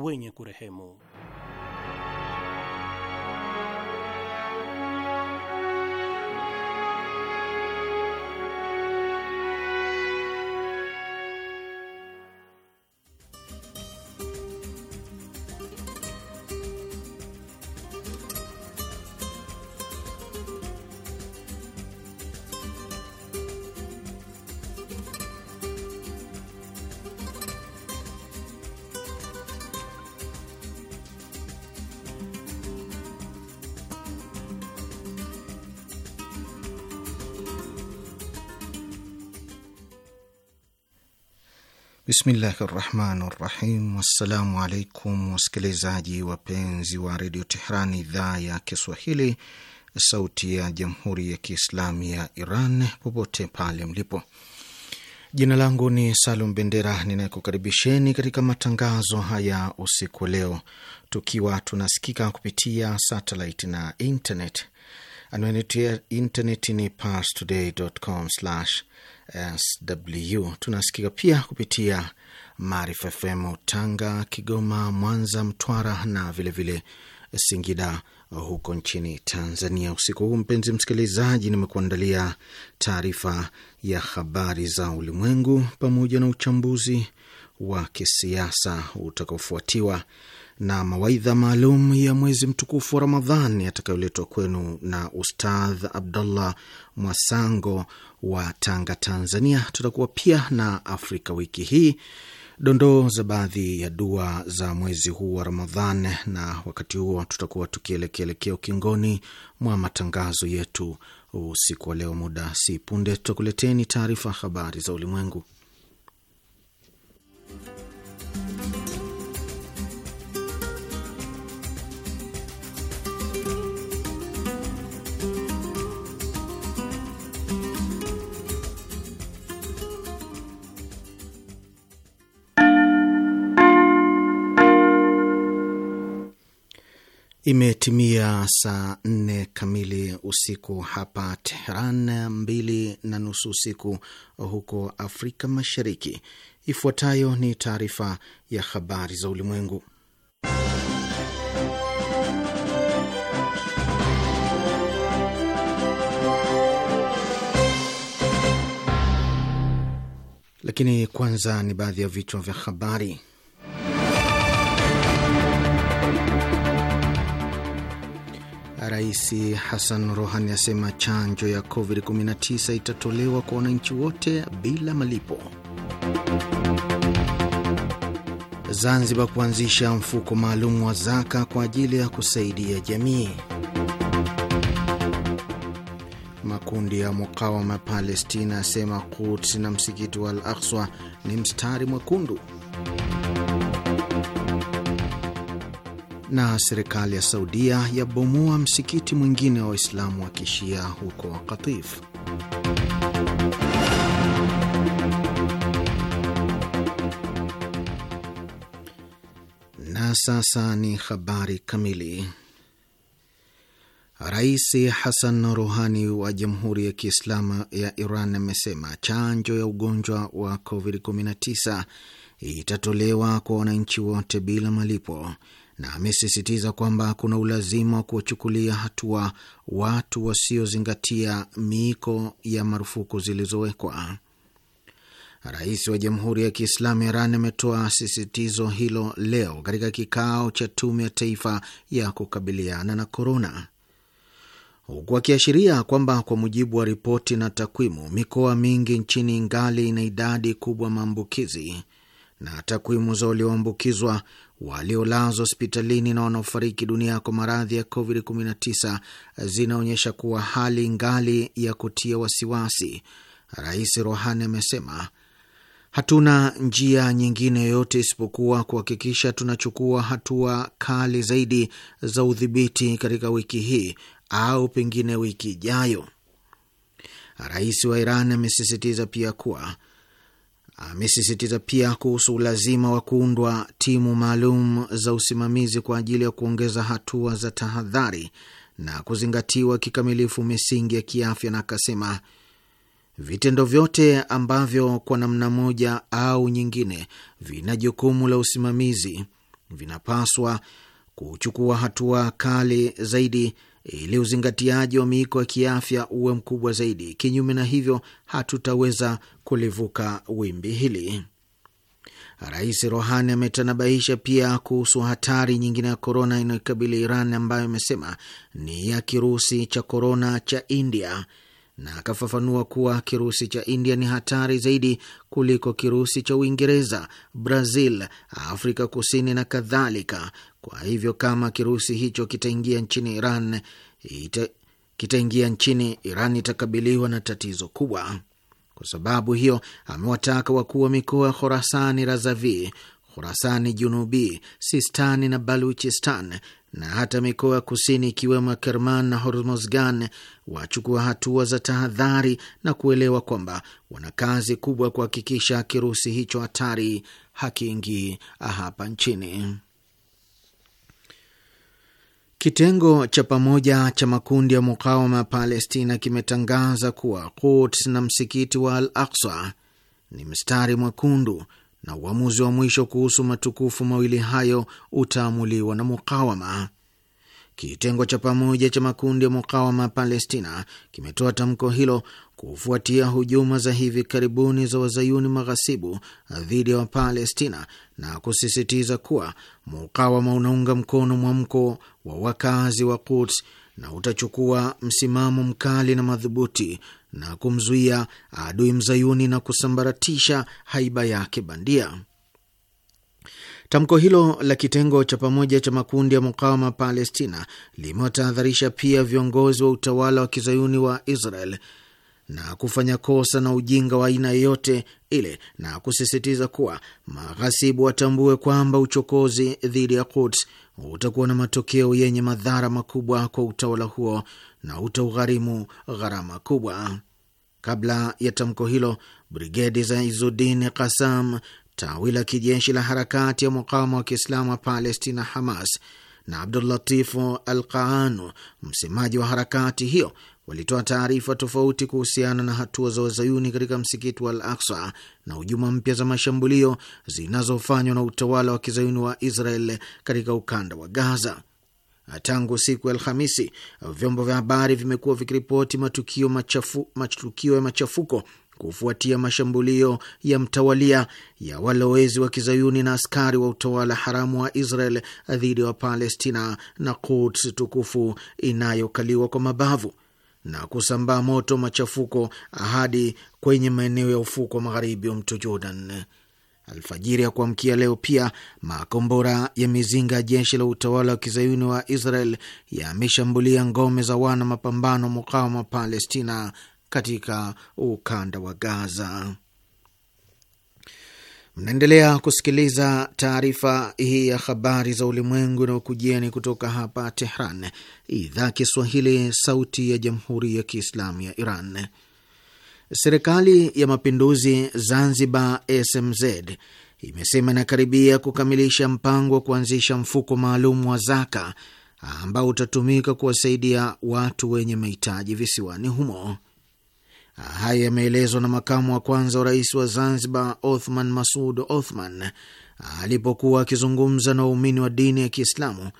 wenye kurehemu. Bismillahi rahmani rahim. Wassalamu alaikum wasikilizaji wapenzi wa redio Tehran, idhaa ya Kiswahili, sauti ya jamhuri ya kiislamu ya Iran, popote pale mlipo. Jina langu ni Salum Bendera, ninayekukaribisheni katika matangazo haya usiku leo, tukiwa tunasikika kupitia satellite na internet. Anwani ya internet ni parstoday.com SW. Tunasikika pia kupitia Maarifa FM Tanga, Kigoma, Mwanza, Mtwara na vilevile vile Singida huko nchini Tanzania. Usiku huu mpenzi msikilizaji, nimekuandalia taarifa ya habari za ulimwengu pamoja na uchambuzi wa kisiasa utakaofuatiwa na mawaidha maalum ya mwezi mtukufu wa ramadhan yatakayoletwa kwenu na Ustadh Abdullah Mwasango wa Tanga, Tanzania. Tutakuwa pia na Afrika wiki hii, dondoo za baadhi ya dua za mwezi huu wa Ramadhan, na wakati huo tutakuwa tukielekeelekea ukingoni mwa matangazo yetu usiku wa leo. Muda si punde tutakuleteni taarifa habari za ulimwengu. Imetimia saa nne kamili usiku hapa Teheran, mbili na nusu usiku huko Afrika Mashariki. Ifuatayo ni taarifa ya habari za ulimwengu, lakini kwanza ni baadhi ya vichwa vya habari. Rais Hassan Rohani asema chanjo ya COVID-19 itatolewa kwa wananchi wote bila malipo. Zanzibar kuanzisha mfuko maalum wa zaka kwa ajili ya kusaidia jamii. Makundi ya mukawama Palestina asema Quds na msikiti wa Al Akswa ni mstari mwekundu. Na serikali ya Saudia yabomoa msikiti mwingine wa Waislamu wa kishia huko wakatif Na sasa ni habari kamili. Rais Hassan Rouhani wa Jamhuri ya Kiislamu ya Iran amesema chanjo ya ugonjwa wa COVID-19 itatolewa kwa wananchi wote bila malipo na amesisitiza kwamba kuna ulazima wa kuwachukulia hatua watu wasiozingatia miiko ya marufuku zilizowekwa. Rais wa Jamhuri ya Kiislamu Iran ametoa sisitizo hilo leo katika kikao cha Tume ya Taifa ya Kukabiliana na Korona, huku akiashiria kwamba kwa mujibu wa ripoti na takwimu, mikoa mingi nchini ngali ina idadi kubwa maambukizi na takwimu za walioambukizwa waliolazwa hospitalini na wanaofariki dunia kwa maradhi ya COVID-19 zinaonyesha kuwa hali ngali ya kutia wasiwasi, Rais Rohani amesema. Hatuna njia nyingine yoyote isipokuwa kuhakikisha tunachukua hatua kali zaidi za udhibiti katika wiki hii au pengine wiki ijayo. Rais wa Iran amesisitiza pia kuwa amesisitiza pia kuhusu ulazima wa kuundwa timu maalum za usimamizi kwa ajili ya kuongeza hatua za tahadhari na kuzingatiwa kikamilifu misingi ya kiafya, na akasema vitendo vyote ambavyo kwa namna moja au nyingine vina jukumu la usimamizi vinapaswa kuchukua hatua kali zaidi ili uzingatiaji wa miiko ya kiafya uwe mkubwa zaidi. Kinyume na hivyo, hatutaweza kulivuka wimbi hili. Rais Rohani ametanabahisha pia kuhusu hatari nyingine ya korona inayoikabili Iran ambayo imesema ni ya kirusi cha korona cha India na akafafanua kuwa kirusi cha India ni hatari zaidi kuliko kirusi cha Uingereza, Brazil, Afrika Kusini na kadhalika. Kwa hivyo kama kirusi hicho kitaingia nchini Iran ita, kitaingia nchini Iran itakabiliwa na tatizo kubwa. Kwa sababu hiyo, amewataka wakuu wa mikoa ya Khorasani Razavi, Khorasani Junubi, Sistani na Baluchistan na hata mikoa ya kusini ikiwemo Kerman na Hormozgan wachukua hatua za tahadhari na kuelewa kwamba wana kazi kubwa kuhakikisha kirusi hicho hatari hakiingii hapa nchini. Kitengo cha pamoja cha makundi ya mukawama ya Palestina kimetangaza kuwa Quds na msikiti wa Al Aksa ni mstari mwekundu na uamuzi wa mwisho kuhusu matukufu mawili hayo utaamuliwa na mukawama. Kitengo cha pamoja cha makundi ya mukawama Palestina kimetoa tamko hilo kufuatia hujuma za hivi karibuni za wazayuni maghasibu dhidi ya Wapalestina na kusisitiza kuwa mukawama unaunga mkono mwamko wa wakazi wa Quds na utachukua msimamo mkali na madhubuti na kumzuia adui mzayuni na kusambaratisha haiba yake bandia. Tamko hilo la kitengo cha pamoja cha makundi ya mukawama Palestina limewatahadharisha pia viongozi wa utawala wa kizayuni wa Israel na kufanya kosa na ujinga wa aina yeyote ile, na kusisitiza kuwa maghasibu watambue kwamba uchokozi dhidi ya Quds utakuwa na matokeo yenye madhara makubwa kwa utawala huo na utaugharimu gharama kubwa. Kabla ya tamko hilo, brigedi za Izudin Kasam, tawi la kijeshi la harakati ya mukawama wa kiislamu wa Palestina, Hamas, na Abdulatifu Al Qaanu, msemaji wa harakati hiyo, walitoa taarifa tofauti kuhusiana na hatua za wazayuni katika msikiti wa Al Aksa na hujuma mpya za mashambulio zinazofanywa na utawala wa kizayuni wa Israel katika ukanda wa Gaza. Tangu siku ya Alhamisi, vyombo vya habari vimekuwa vikiripoti matukio machafu, matukio ya machafuko kufuatia mashambulio ya mtawalia ya walowezi wa kizayuni na askari wa utawala haramu wa Israel dhidi ya Palestina na Quds tukufu inayokaliwa kwa mabavu na kusambaa moto machafuko hadi kwenye maeneo ya ufuko wa magharibi wa mto Jordan. Alfajiri ya kuamkia leo pia makombora ya mizinga ya jeshi la utawala wa kizayuni wa Israel yameshambulia ngome za wana mapambano mukawama Palestina katika ukanda wa Gaza. Mnaendelea kusikiliza taarifa hii ya habari za ulimwengu na ukujieni kutoka hapa Tehran, idhaa Kiswahili, sauti ya jamhuri ya kiislamu ya Iran. Serikali ya mapinduzi Zanzibar, SMZ, imesema inakaribia kukamilisha mpango wa kuanzisha mfuko maalum wa zaka ambao utatumika kuwasaidia watu wenye mahitaji visiwani humo. Haya yameelezwa na makamu wa kwanza wa rais wa Zanzibar Othman Masud Othman alipokuwa akizungumza na waumini wa dini ya Kiislamu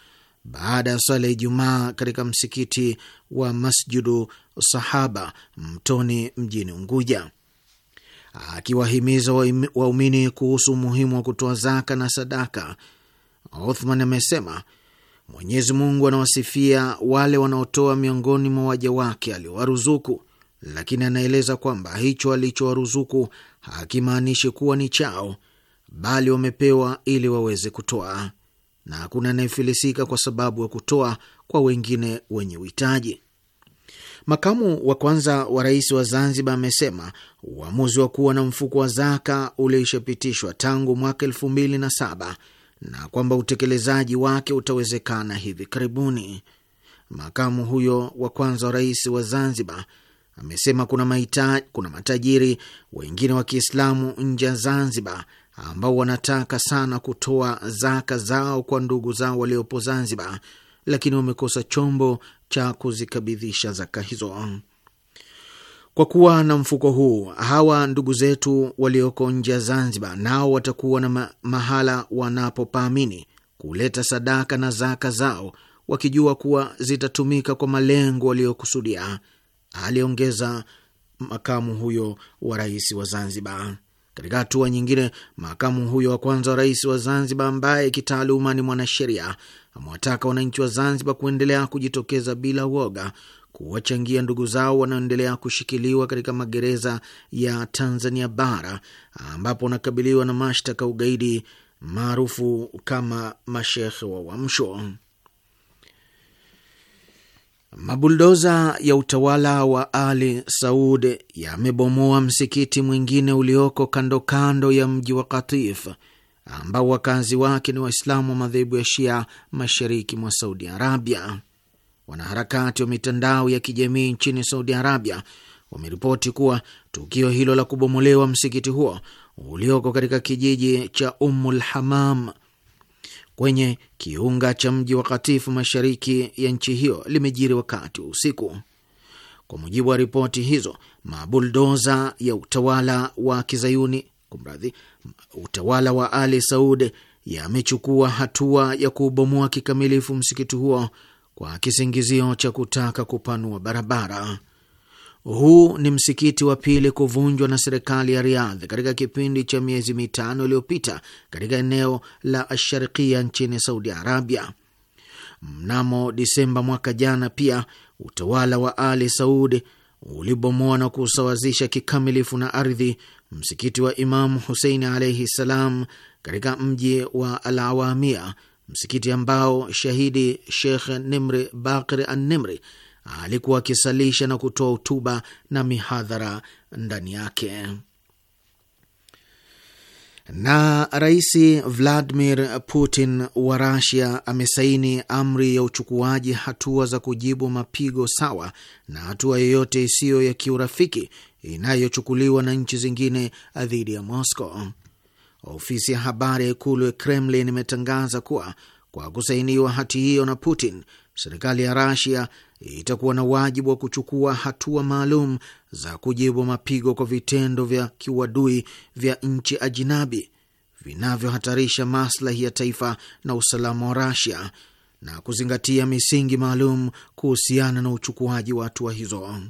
baada ya swala ya Ijumaa katika msikiti wa Masjidu Sahaba Mtoni mjini Unguja, akiwahimiza waumini kuhusu umuhimu wa kutoa zaka na sadaka. Othman amesema Mwenyezi Mungu anawasifia wale wanaotoa miongoni mwa waja wake aliowaruzuku lakini anaeleza kwamba hicho alichowaruzuku hakimaanishi kuwa ni chao, bali wamepewa ili waweze kutoa, na hakuna anayefilisika kwa sababu ya kutoa kwa wengine wenye uhitaji. Makamu wa kwanza wa rais wa Zanzibar amesema uamuzi wa kuwa na mfuko wa zaka ulishapitishwa tangu mwaka elfu mbili na saba na kwamba utekelezaji wake utawezekana hivi karibuni. Makamu huyo wa kwanza wa rais wa Zanzibar amesema kuna maita, kuna matajiri wengine wa Kiislamu nje ya Zanzibar ambao wanataka sana kutoa zaka zao kwa ndugu zao waliopo Zanzibar, lakini wamekosa chombo cha kuzikabidhisha zaka hizo. Kwa kuwa na mfuko huu, hawa ndugu zetu walioko nje ya Zanzibar nao watakuwa na mahala wanapopaamini kuleta sadaka na zaka zao, wakijua kuwa zitatumika kwa malengo waliokusudia aliongeza makamu huyo wa rais wa Zanzibar. Katika hatua nyingine, makamu huyo wa kwanza wa rais wa Zanzibar, ambaye kitaaluma ni mwanasheria, amewataka wananchi wa Zanzibar kuendelea kujitokeza bila uoga kuwachangia ndugu zao wanaoendelea kushikiliwa katika magereza ya Tanzania bara ambapo wanakabiliwa na mashtaka ugaidi maarufu kama mashehe wa Uamsho. Mabuldoza ya utawala wa Ali Saud yamebomoa msikiti mwingine ulioko kando kando ya mji wa Katif ambao wakazi wake ni Waislamu wa madhehebu ya Shia mashariki mwa Saudi Arabia. Wanaharakati wa mitandao ya kijamii nchini Saudi Arabia wameripoti kuwa tukio hilo la kubomolewa msikiti huo ulioko katika kijiji cha Ummul Hamam kwenye kiunga cha mji wa katifu mashariki ya nchi hiyo limejiri wakati wa usiku. Kwa mujibu wa ripoti hizo, mabuldoza ya utawala wa kizayuni kumradhi, utawala wa Ali Saud yamechukua hatua ya kubomoa kikamilifu msikiti huo kwa kisingizio cha kutaka kupanua barabara. Huu ni msikiti wa pili kuvunjwa na serikali ya Riadh katika kipindi cha miezi mitano iliyopita katika eneo la Asharikia nchini Saudi Arabia. Mnamo Disemba mwaka jana pia utawala wa Ali Saudi ulibomoa na kusawazisha kikamilifu na ardhi msikiti wa Imamu Huseini alaihi ssalam katika mji wa Al Awamia, msikiti ambao shahidi Shekh Nimri Bakir An-Nimri alikuwa akisalisha na kutoa hotuba na mihadhara ndani yake. Na Rais Vladimir Putin wa Rasia amesaini amri ya uchukuaji hatua za kujibu mapigo sawa na hatua yoyote isiyo ya kiurafiki inayochukuliwa na nchi zingine dhidi ya Moscow. Ofisi ya habari ya ikulu ya Kremlin imetangaza kuwa kwa kusainiwa hati hiyo na Putin, serikali ya Rasia itakuwa na wajibu wa kuchukua hatua maalum za kujibu mapigo kwa vitendo vya kiuadui vya nchi ajinabi vinavyohatarisha maslahi ya taifa na usalama wa Rasia na kuzingatia misingi maalum kuhusiana na uchukuaji wa hatua hizo.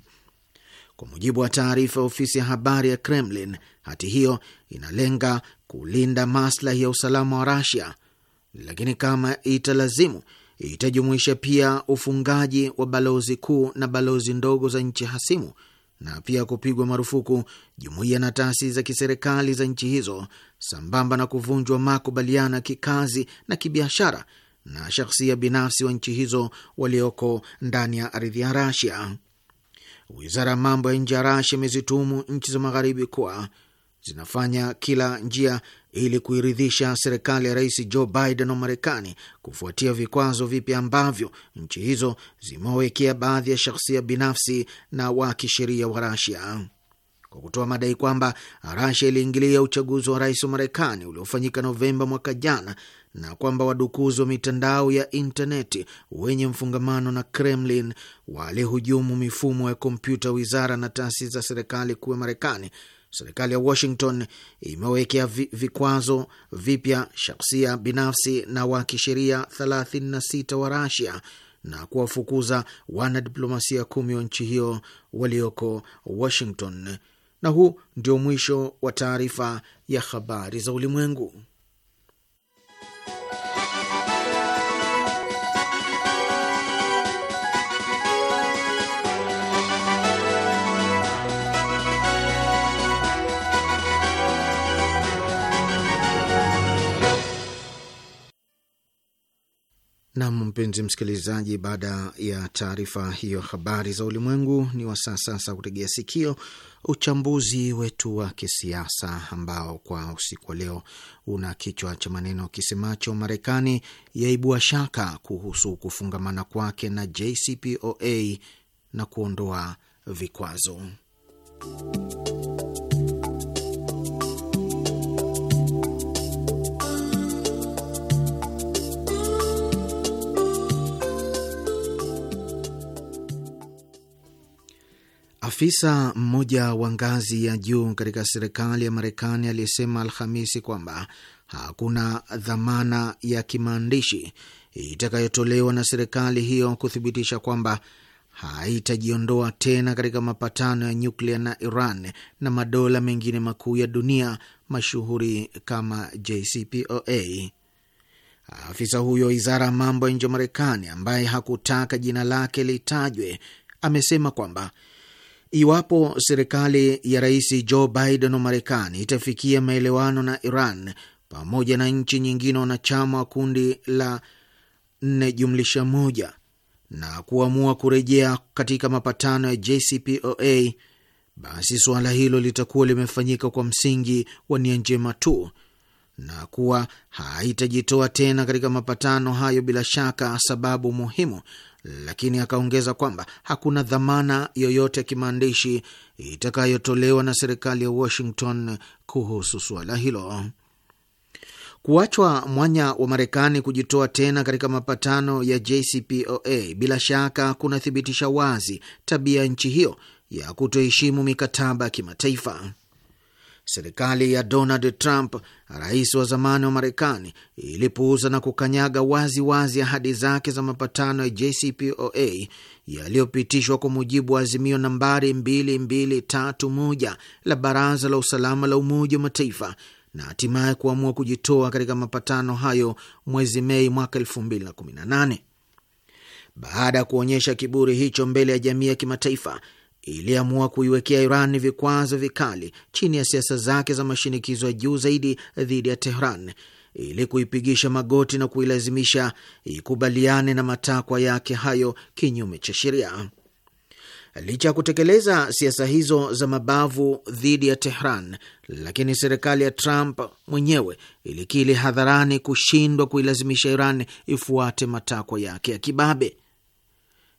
Kwa mujibu wa taarifa ya ofisi ya habari ya Kremlin, hati hiyo inalenga kulinda maslahi ya usalama wa Rasia lakini kama italazimu itajumuisha pia ufungaji wa balozi kuu na balozi ndogo za nchi hasimu na pia kupigwa marufuku jumuiya na taasisi za kiserikali za nchi hizo, sambamba na kuvunjwa makubaliano ya kikazi na kibiashara na shakhsia binafsi wa nchi hizo walioko ndani ya ardhi ya Rasia. Wizara ya mambo ya nje ya Rasia imezitumu nchi za magharibi kuwa zinafanya kila njia ili kuiridhisha serikali ya rais Joe Biden wa Marekani kufuatia vikwazo vipya ambavyo nchi hizo zimewawekea baadhi ya shahsia binafsi na wa kisheria wa Rasia kwa kutoa madai kwamba Rasia iliingilia uchaguzi wa rais wa Marekani uliofanyika Novemba mwaka jana na kwamba wadukuzi wa mitandao ya intaneti wenye mfungamano na Kremlin walihujumu mifumo ya kompyuta wizara na taasisi za serikali kuu ya Marekani serikali ya Washington imewekea vikwazo vipya shaksia binafsi na wa kisheria 36 wa Rasia na kuwafukuza wanadiplomasia kumi wa nchi hiyo walioko Washington. Na huu ndio mwisho wa taarifa ya habari za ulimwengu. Nam, mpenzi msikilizaji, baada ya taarifa hiyo habari za ulimwengu, ni wasaa sasa kutegea sikio uchambuzi wetu wa kisiasa ambao kwa usiku wa leo una kichwa cha maneno kisemacho Marekani yaibua shaka kuhusu kufungamana kwake na JCPOA na kuondoa vikwazo. Afisa mmoja wa ngazi ya juu katika serikali ya Marekani aliyesema Alhamisi kwamba hakuna dhamana ya kimaandishi itakayotolewa na serikali hiyo kuthibitisha kwamba haitajiondoa tena katika mapatano ya nyuklia na Iran na madola mengine makuu ya dunia mashuhuri kama JCPOA. Afisa huyo wizara ya mambo ya nje ya Marekani ambaye hakutaka jina lake litajwe amesema kwamba Iwapo serikali ya Rais Joe Biden wa Marekani itafikia maelewano na Iran pamoja na nchi nyingine wanachama wa kundi la nne jumlisha moja na kuamua kurejea katika mapatano ya JCPOA, basi suala hilo litakuwa limefanyika kwa msingi wa nia njema tu na kuwa haitajitoa tena katika mapatano hayo, bila shaka sababu muhimu lakini akaongeza kwamba hakuna dhamana yoyote ya kimaandishi itakayotolewa na serikali ya Washington kuhusu suala hilo. Kuachwa mwanya wa Marekani kujitoa tena katika mapatano ya JCPOA bila shaka kunathibitisha wazi tabia ya nchi hiyo ya kutoheshimu mikataba ya kimataifa serikali ya Donald Trump, rais wa zamani wa Marekani, ilipuuza na kukanyaga wazi wazi ahadi zake za mapatano ya JCPOA yaliyopitishwa kwa mujibu wa azimio nambari 2231 la Baraza la Usalama la Umoja wa Mataifa na hatimaye kuamua kujitoa katika mapatano hayo mwezi Mei mwaka 2018. Baada ya kuonyesha kiburi hicho mbele ya jamii ya kimataifa iliamua kuiwekea Iran vikwazo vikali chini ya siasa zake za mashinikizo ya juu zaidi dhidi ya Tehran ili kuipigisha magoti na kuilazimisha ikubaliane na matakwa yake hayo kinyume cha sheria. Licha ya kutekeleza siasa hizo za mabavu dhidi ya Tehran, lakini serikali ya Trump mwenyewe ilikili hadharani kushindwa kuilazimisha Iran ifuate matakwa yake ya kibabe.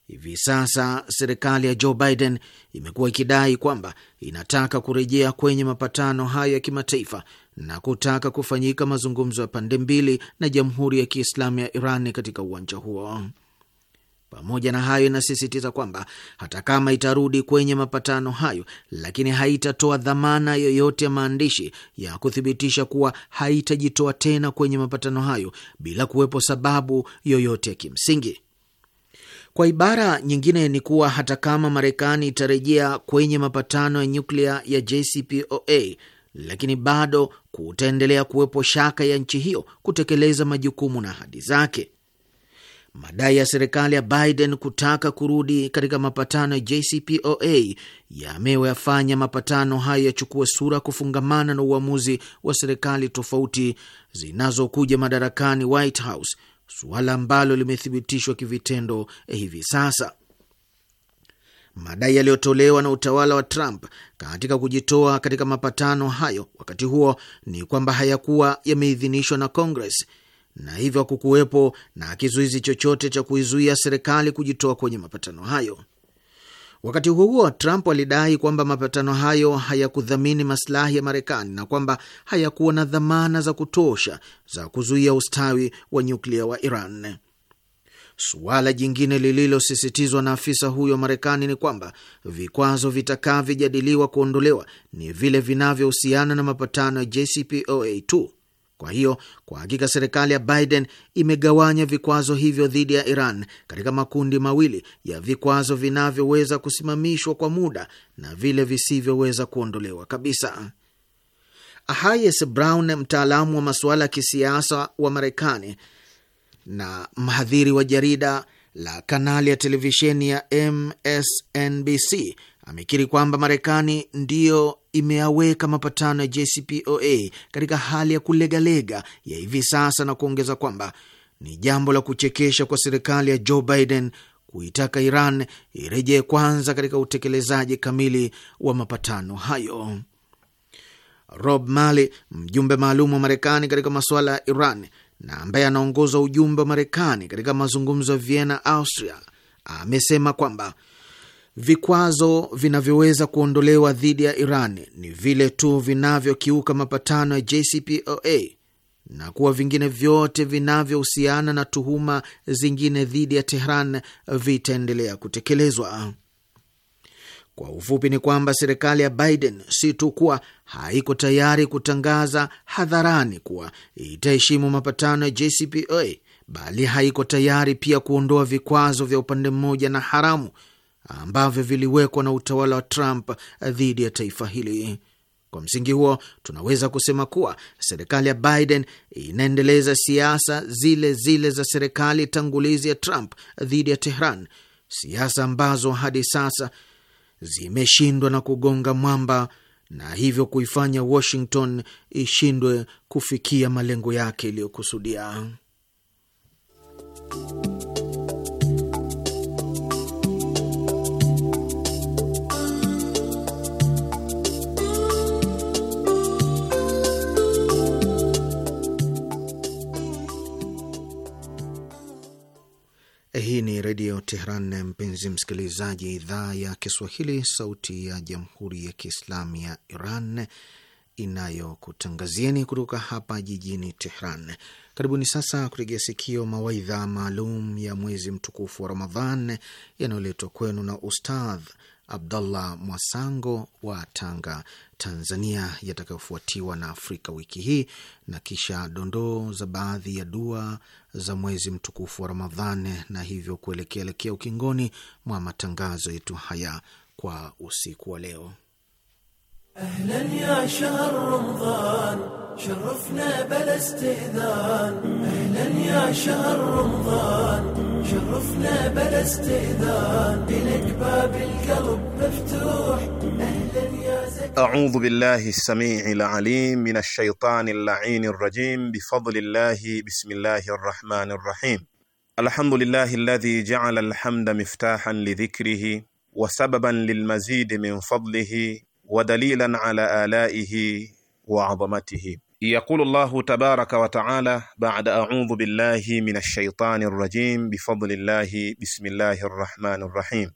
Hivi sasa serikali ya Joe Biden imekuwa ikidai kwamba inataka kurejea kwenye mapatano hayo ya kimataifa na kutaka kufanyika mazungumzo ya pande mbili na Jamhuri ya Kiislamu ya Iran katika uwanja huo. Pamoja na hayo, inasisitiza kwamba hata kama itarudi kwenye mapatano hayo, lakini haitatoa dhamana yoyote ya maandishi ya kuthibitisha kuwa haitajitoa tena kwenye mapatano hayo bila kuwepo sababu yoyote ya kimsingi. Kwa ibara nyingine ni kuwa hata kama Marekani itarejea kwenye mapatano ya nyuklia ya JCPOA, lakini bado kutaendelea kuwepo shaka ya nchi hiyo kutekeleza majukumu na ahadi zake. Madai ya serikali ya Biden kutaka kurudi katika mapatano ya JCPOA yamewafanya mapatano hayo yachukue sura kufungamana na uamuzi wa serikali tofauti zinazokuja madarakani White House suala ambalo limethibitishwa kivitendo hivi sasa. Madai yaliyotolewa na utawala wa Trump katika kujitoa katika mapatano hayo wakati huo ni kwamba hayakuwa yameidhinishwa na Congress na hivyo hakukuwepo na kizuizi chochote cha kuizuia serikali kujitoa kwenye mapatano hayo. Wakati huo huo, Trump alidai kwamba mapatano hayo hayakudhamini masilahi ya Marekani na kwamba hayakuwa na dhamana za kutosha za kuzuia ustawi wa nyuklia wa Iran. Suala jingine lililosisitizwa na afisa huyo wa Marekani ni kwamba vikwazo vitakavyojadiliwa kuondolewa ni vile vinavyohusiana na mapatano ya JCPOA kwa hiyo kwa hakika serikali ya Biden imegawanya vikwazo hivyo dhidi ya Iran katika makundi mawili ya vikwazo vinavyoweza kusimamishwa kwa muda na vile visivyoweza kuondolewa kabisa. Hayes Brown, mtaalamu wa masuala ya kisiasa wa Marekani na mhadhiri wa jarida la kanali ya televisheni ya MSNBC amekiri kwamba Marekani ndiyo imeyaweka mapatano ya JCPOA katika hali ya kulegalega ya hivi sasa na kuongeza kwamba ni jambo la kuchekesha kwa serikali ya Joe Biden kuitaka Iran irejee kwanza katika utekelezaji kamili wa mapatano hayo. Rob Malley, mjumbe maalum wa Marekani katika masuala ya Iran na ambaye anaongoza ujumbe wa Marekani katika mazungumzo ya Vienna, Austria, amesema kwamba Vikwazo vinavyoweza kuondolewa dhidi ya Iran ni vile tu vinavyokiuka mapatano ya JCPOA na kuwa vingine vyote vinavyohusiana na tuhuma zingine dhidi ya Tehran vitaendelea kutekelezwa. Kwa ufupi ni kwamba serikali ya Biden si tu kuwa haiko tayari kutangaza hadharani kuwa itaheshimu mapatano ya JCPOA, bali haiko tayari pia kuondoa vikwazo vya upande mmoja na haramu ambavyo viliwekwa na utawala wa Trump dhidi ya taifa hili. Kwa msingi huo, tunaweza kusema kuwa serikali ya Biden inaendeleza siasa zile zile za serikali tangulizi ya Trump dhidi ya Tehran, siasa ambazo hadi sasa zimeshindwa na kugonga mwamba na hivyo kuifanya Washington ishindwe kufikia malengo yake iliyokusudia. Hii ni Redio Tehran, mpenzi msikilizaji, idhaa ya Kiswahili, sauti ya Jamhuri ya Kiislamu ya Iran inayokutangazieni kutoka hapa jijini Tehran. Karibuni sasa kutegea sikio mawaidha maalum ya mwezi mtukufu wa Ramadhan yanayoletwa kwenu na Ustadh Abdallah Mwasango wa Tanga, Tanzania, yatakayofuatiwa na Afrika wiki hii na kisha dondoo za baadhi ya dua za mwezi mtukufu wa Ramadhani, na hivyo kuelekeaelekea ukingoni mwa matangazo yetu haya kwa usiku wa leo. Ahlan ya عرفنا بلا استئذان إلك باب القلب مفتوح أعوذ بالله السميع العليم من الشيطان اللعين الرجيم بفضل الله بسم الله الرحمن الرحيم الحمد لله الذي جعل الحمد مفتاحا لذكره وسببا للمزيد من فضله ودليلا على آلائه وعظمته يقول الله تبارك وتعالى بعد أعوذ بالله من الشيطان الرجيم بفضل الله بسم الله الرحمن الرحيم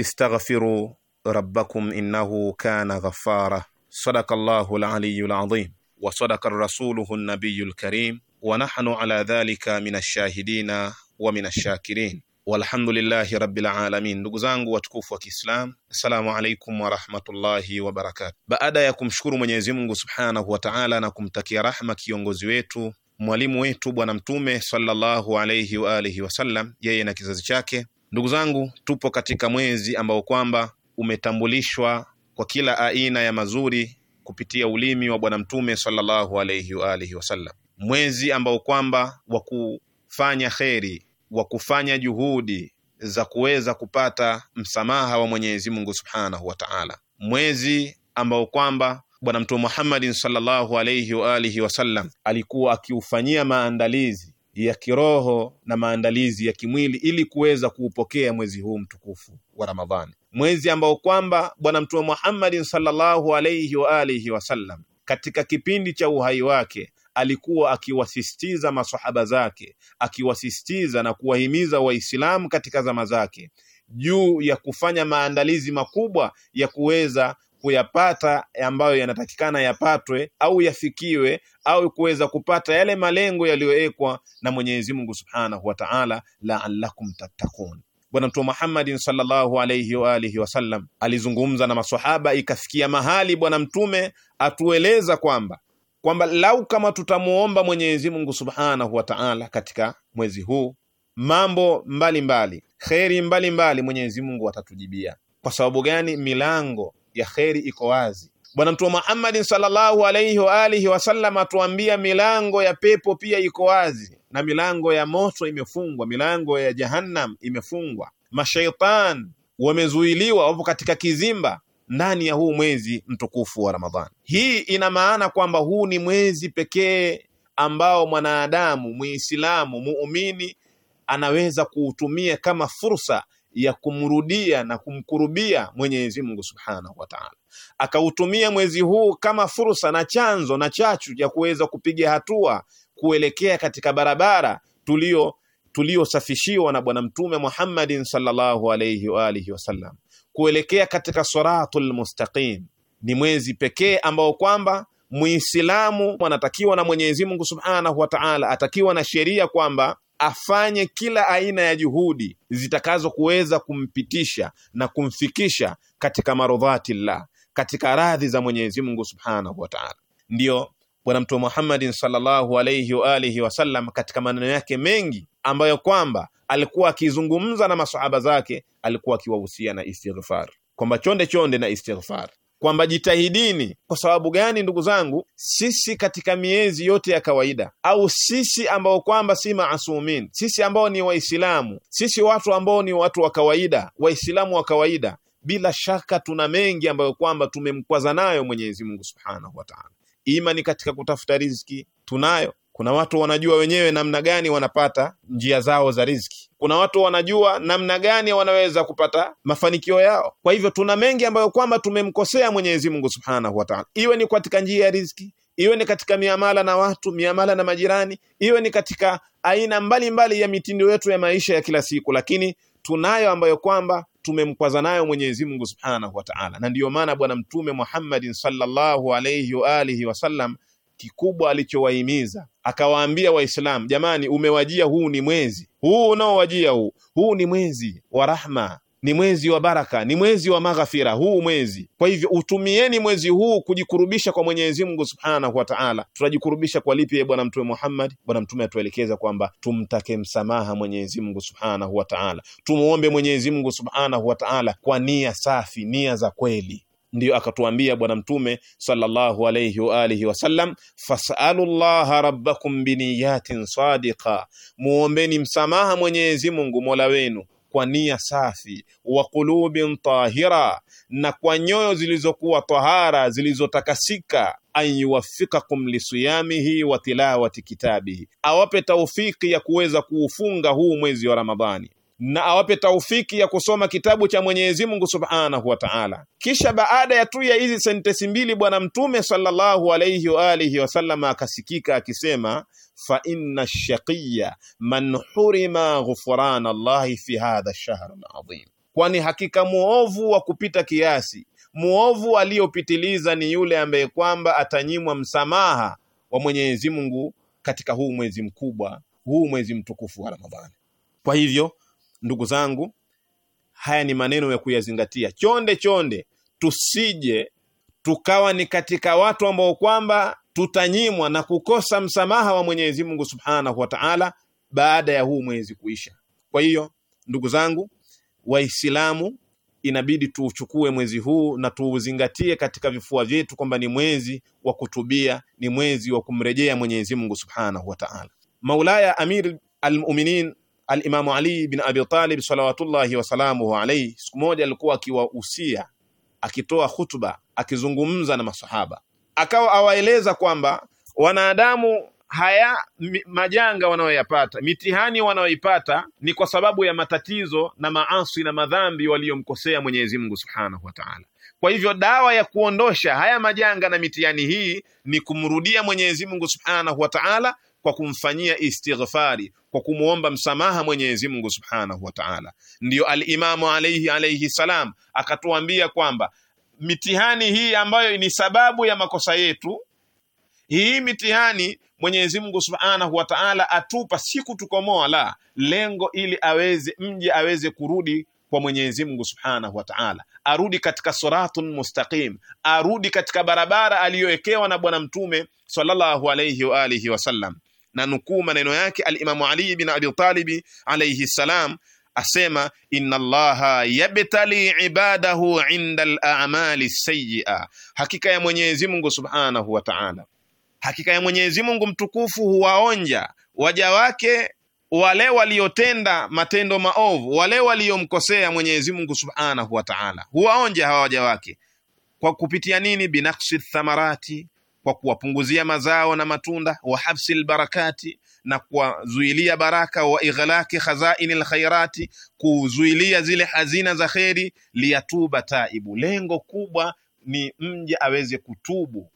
استغفروا ربكم إنه كان غفارا صدق الله العلي العظيم وصدق رسوله النبي الكريم ونحن على ذلك من الشاهدين ومن الشاكرين walhamdulillahi rabbil alamin. Ndugu zangu watukufu wa Kiislam, assalamu alaikum warahmatullahi wabarakatu. Baada ya kumshukuru Mwenyezi Mungu subhanahu wa taala na kumtakia rahma kiongozi wetu mwalimu wetu Bwana Mtume sallallahu alaihi wa alihi wasallam, yeye na kizazi chake. Ndugu zangu, tupo katika mwezi ambao kwamba umetambulishwa kwa kila aina ya mazuri kupitia ulimi wa Bwana Mtume sallallahu alaihi wa alihi wasallam, mwezi ambao kwamba wa kufanya kheri wa kufanya juhudi za kuweza kupata msamaha wa Mwenyezi Mungu Subhanahu wa Ta'ala, mwezi ambao kwamba Bwana Mtume Muhammad sallallahu alayhi wa alihi wasallam alikuwa akiufanyia maandalizi ya kiroho na maandalizi ya kimwili ili kuweza kuupokea mwezi huu mtukufu wa Ramadhani, mwezi ambao kwamba Bwana Mtume Muhammad sallallahu alayhi wa alihi wasallam katika kipindi cha uhai wake alikuwa akiwasisitiza masahaba zake, akiwasisitiza na kuwahimiza Waislamu katika zama zake juu ya kufanya maandalizi makubwa ya kuweza kuyapata ambayo yanatakikana yapatwe au yafikiwe au kuweza kupata yale malengo yaliyowekwa na Mwenyezi Mungu Subhanahu wa Ta'ala, la'allakum tattaqun. Bwana Mtume Muhammad sallallahu alayhi wa alihi wasallam alizungumza na maswahaba, ikafikia mahali Bwana Mtume atueleza kwamba kwamba lau kama tutamwomba Mwenyezi Mungu Subhanahu wa Ta'ala katika mwezi huu mambo mbalimbali, kheri mbalimbali, Mwenyezi Mungu atatujibia. Kwa sababu gani? Milango ya kheri iko wazi. Bwana Mtume Muhammad sallallahu alaihi wa alihi wasallam atuambia milango ya pepo pia iko wazi na milango ya moto imefungwa, milango ya jahannam imefungwa. Mashaitan wamezuiliwa, wapo katika kizimba ndani ya huu mwezi mtukufu wa Ramadhani. Hii ina maana kwamba huu ni mwezi pekee ambao mwanadamu Muislamu muumini anaweza kuutumia kama fursa ya kumrudia na kumkurubia Mwenyezi Mungu Subhanahu wa Ta'ala, akautumia mwezi huu kama fursa na chanzo na chachu ya kuweza kupiga hatua kuelekea katika barabara tulio tuliosafishiwa na Bwana Mtume Muhammadin sallallahu alayhi wa alihi wasallam kuelekea katika siratul mustaqim. Ni mwezi pekee ambao kwamba Muislamu anatakiwa na Mwenyezi Mungu Subhanahu wa Ta'ala, atakiwa na sheria kwamba afanye kila aina ya juhudi zitakazo kuweza kumpitisha na kumfikisha katika marodhatillah, katika radhi za Mwenyezi Mungu Subhanahu wa Ta'ala. Ndiyo Bwana Mtume Muhammadin sallallahu alaihi wa alihi wasallam katika maneno yake mengi ambayo kwamba alikuwa akizungumza na masahaba zake, alikuwa akiwahusia na istighfar, kwamba chonde chonde na istighfar, kwamba jitahidini. Kwa sababu gani, ndugu zangu? Sisi katika miezi yote ya kawaida, au sisi ambao kwamba si maasumin, sisi ambao ni Waislamu, sisi watu ambao ni watu wa kawaida, Waislamu wa kawaida, bila shaka tuna mengi ambayo kwamba tumemkwaza nayo Mwenyezi Mungu subhanahu wa taala ima ni katika kutafuta riziki tunayo. Kuna watu wanajua wenyewe namna gani wanapata njia zao za riziki. Kuna watu wanajua namna gani wanaweza kupata mafanikio yao. Kwa hivyo tuna mengi ambayo kwamba tumemkosea Mwenyezi Mungu Subhanahu wa Ta'ala, iwe ni katika njia ya riziki, iwe ni katika miamala na watu, miamala na majirani, iwe ni katika aina mbalimbali mbali ya mitindo yetu ya maisha ya kila siku, lakini tunayo ambayo kwamba tumemkwaza nayo Mwenyezi Mungu Subhanahu wa Ta'ala. Na ndiyo maana Bwana Mtume Muhammadin sallallahu alayhi wa alihi wasallam kikubwa alichowahimiza akawaambia Waislamu, jamani, umewajia huu ni mwezi huu unaowajia huu, huu ni mwezi wa rahma, ni mwezi wa baraka, ni mwezi wa maghfira huu mwezi. Kwa hivyo utumieni mwezi huu kujikurubisha kwa Mwenyezi Mungu Subhanahu wa Ta'ala. Tutajikurubisha kwa lipi? Ye ee Bwana Mtume Muhammad, Bwana Mtume atuelekeza kwamba tumtake msamaha Mwenyezi Mungu Subhanahu wa Ta'ala, tumuombe Mwenyezi Mungu Subhanahu wa Ta'ala kwa nia safi, nia za kweli. Ndiyo akatuambia Bwana Mtume sallallahu alayhi wa alihi wasallam, fasalu llaha rabbakum biniyatin sadiqa, muombeni msamaha Mwenyezi Mungu mola wenu kwa nia safi, wa qulubin tahira, na kwa nyoyo zilizokuwa tahara zilizotakasika, an yuwaffiqakum lisiyamihi wa tilawati kitabihi, awape taufiki ya kuweza kuufunga huu mwezi wa Ramadhani na awape taufiki ya kusoma kitabu cha Mwenyezi Mungu Subhanahu wa Ta'ala. Kisha baada ya tu ya hizi sentensi mbili, Bwana Mtume sallallahu alayhi wa alihi wasallam akasikika akisema fa inna shaqiya man hurima ghufrana llahi fi hadha shahr adhim, kwani hakika muovu wa kupita kiasi, muovu aliyopitiliza ni yule ambaye kwamba atanyimwa msamaha wa Mwenyezi Mungu katika huu mwezi mkubwa, huu mwezi mtukufu wa Ramadhani. Kwa hivyo ndugu zangu, haya ni maneno ya kuyazingatia chonde chonde, tusije tukawa ni katika watu ambao kwamba tutanyimwa na kukosa msamaha wa Mwenyezi Mungu Subhanahu wa Ta'ala baada ya huu mwezi kuisha. Kwa hiyo ndugu zangu Waislamu, inabidi tuuchukue mwezi huu na tuuzingatie katika vifua vyetu kwamba ni mwezi wa kutubia, ni mwezi wa kumrejea Mwenyezi Mungu Subhanahu wa Ta'ala. Maulaya Amir al-Mu'minin al-Imamu Ali bin Abi Talib salawatullahi wasalamuhu alayhi, siku moja alikuwa akiwahusia, akitoa khutba akizungumza na masahaba akawa awaeleza kwamba wanadamu haya majanga wanayoyapata mitihani wanayoipata ni kwa sababu ya matatizo na maasi na madhambi waliyomkosea Mwenyezi Mungu Subhanahu wa Ta'ala. Kwa hivyo dawa ya kuondosha haya majanga na mitihani hii ni kumrudia Mwenyezi Mungu Subhanahu wa Ta'ala kwa kumfanyia istighfari, kwa kumwomba msamaha Mwenyezi Mungu Subhanahu wa Ta'ala. Ndiyo Alimamu alayhi alaihi salam akatuambia kwamba mitihani hii ambayo ni sababu ya makosa yetu, hii mitihani Mwenyezi Mungu Subhanahu wa Ta'ala atupa si kutukomoa, la lengo ili aweze mje aweze kurudi kwa Mwenyezi Mungu Subhanahu wa Ta'ala, arudi katika siratun mustaqim, arudi katika barabara aliyowekewa na Bwana Mtume sallallahu alayhi wa alihi wasallam. Na nukuu maneno yake Alimamu Ali bin Abi Talib alayhi salam asema inna Allaha yabtali ibadahu inda al-a'mali sayyi'a, hakika ya Mwenyezi Mungu subhanahu wa ta'ala, hakika ya Mwenyezi Mungu mtukufu huwaonja waja wake wale waliotenda matendo maovu, wale waliomkosea Mwenyezi Mungu subhanahu wa ta'ala, huwaonja hawa waja wake kwa kupitia nini? Binaksi thamarati kwa kuwapunguzia mazao na matunda, wa hafsi lbarakati na kuwazuilia baraka, wa ighlaqi khazaini lkhairati kuzuilia zile hazina za kheri, liyatuba taibu. Lengo kubwa ni mje aweze kutubu,